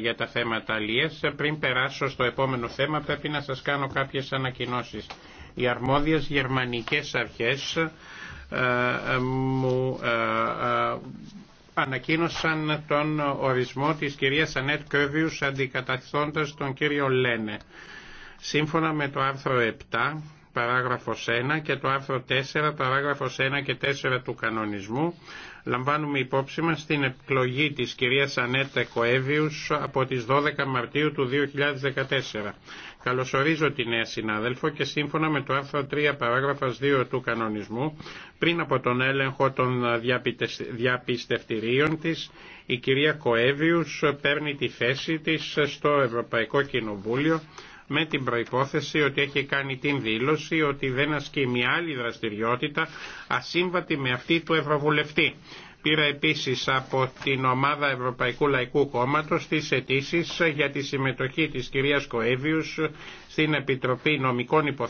για τα θέματα αλλιές. Πριν περάσω στο επόμενο θέμα πρέπει να σας κάνω κάποιες ανακοινώσεις. Οι αρμόδιες γερμανικές αρχές ε, ε, μου ε, ανακοίνωσαν τον ορισμό της κυρίας Ανέτ Κόβιους αντικαταστώντας τον κύριο Λένε. Σύμφωνα με το άρθρο 7 παράγραφος 1 και το άρθρο 4, παράγραφος 1 και 4 του κανονισμού, λαμβάνουμε υπόψη μας την εκλογή της κυρίας Ανέτα Κοέβιους από τις 12 Μαρτίου του 2014. Καλωσορίζω τη νέα συνάδελφο και σύμφωνα με το άρθρο 3 παράγραφος 2 του κανονισμού, πριν από τον έλεγχο των διαπιστευτηρίων της, η κυρία Κοέβιους παίρνει τη θέση της στο Ευρωπαϊκό Κοινοβούλιο με την προϋπόθεση ότι έχει κάνει την δήλωση ότι δεν ασκεί μια άλλη δραστηριότητα ασύμβατη με αυτή του Ευρωβουλευτή. Πήρα επίσης από την ομάδα Ευρωπαϊκού Λαϊκού Κόμματος τις αιτήσει για τη συμμετοχή της κυρίας Κοέβιους στην Επιτροπή Νομικών Υποθέσεων